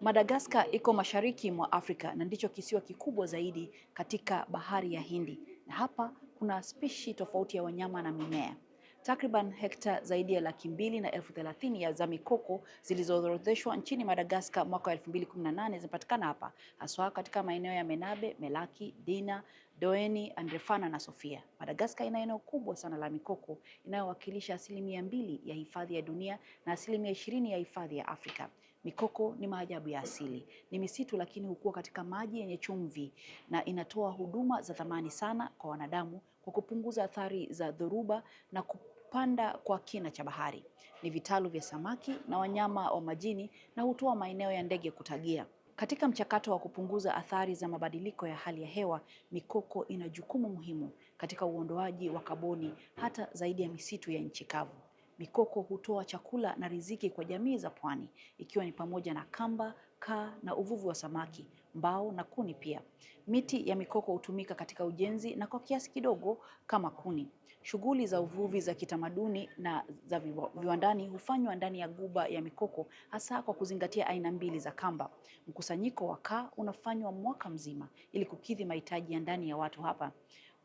Madagascar iko mashariki mwa Afrika na ndicho kisiwa kikubwa zaidi katika bahari ya Hindi, na hapa kuna spishi tofauti ya wanyama na mimea. Takriban hekta zaidi ya laki mbili na elfu thelathini za mikoko zilizoorodheshwa nchini Madagaskar mwaka wa 2018 zinapatikana hapa, haswa katika maeneo ya Menabe, Melaki, Dina, Doeni, Andrefana na Sofia. Madagaskar ina eneo kubwa sana la mikoko inayowakilisha asilimia mbili ya hifadhi ya dunia na asilimia ishirini ya hifadhi ya Afrika. Mikoko ni maajabu ya asili, ni misitu lakini hukua katika maji yenye chumvi na inatoa huduma za thamani sana kwa wanadamu kwa kupunguza athari za dhoruba na kupanda kwa kina cha bahari. Ni vitalu vya samaki na wanyama wa majini na hutoa maeneo ya ndege kutagia. Katika mchakato wa kupunguza athari za mabadiliko ya hali ya hewa, mikoko ina jukumu muhimu katika uondoaji wa kaboni hata zaidi ya misitu ya nchi kavu. Mikoko hutoa chakula na riziki kwa jamii za pwani, ikiwa ni pamoja na kamba, kaa na uvuvi wa samaki, mbao na kuni pia. Miti ya mikoko hutumika katika ujenzi na kwa kiasi kidogo kama kuni. Shughuli za uvuvi za kitamaduni na za viwandani hufanywa ndani ya guba ya mikoko hasa kwa kuzingatia aina mbili za kamba. Mkusanyiko wa kaa unafanywa mwaka mzima ili kukidhi mahitaji ya ndani ya watu hapa.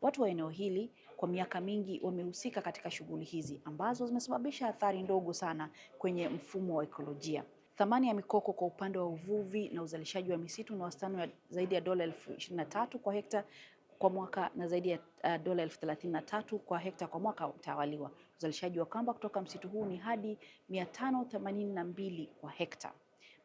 Watu wa eneo hili kwa miaka mingi wamehusika katika shughuli hizi ambazo zimesababisha athari ndogo sana kwenye mfumo wa ekolojia. Thamani ya mikoko kwa upande wa uvuvi na uzalishaji wa misitu ni wastani wa zaidi ya dola elfu ishirini na tatu kwa hekta kwa mwaka na zaidi ya uh, dola elfu thelathini na tatu kwa hekta kwa mwaka utawaliwa. Uzalishaji wa kamba kutoka msitu huu ni hadi mia tano themanini na mbili kwa hekta.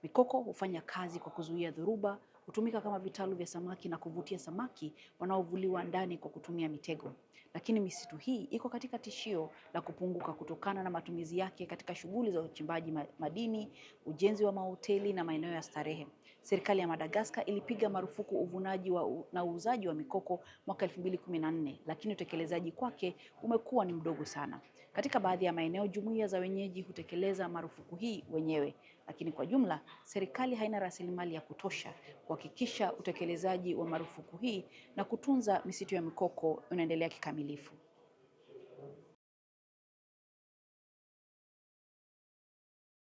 Mikoko hufanya kazi kwa kuzuia dhoruba, hutumika kama vitalu vya samaki na kuvutia samaki wanaovuliwa ndani kwa kutumia mitego. Lakini misitu hii iko katika tishio la kupunguka kutokana na matumizi yake katika shughuli za uchimbaji madini, ujenzi wa mahoteli na maeneo ya starehe. Serikali ya Madagaskar ilipiga marufuku uvunaji wa na uuzaji wa mikoko mwaka 2014, lakini utekelezaji kwake umekuwa ni mdogo sana. Katika baadhi ya maeneo, jumuiya za wenyeji hutekeleza marufuku hii wenyewe, lakini kwa jumla serikali haina rasilimali ya kutosha kwa kuhakikisha utekelezaji wa marufuku hii na kutunza misitu ya mikoko unaendelea kikamilifu.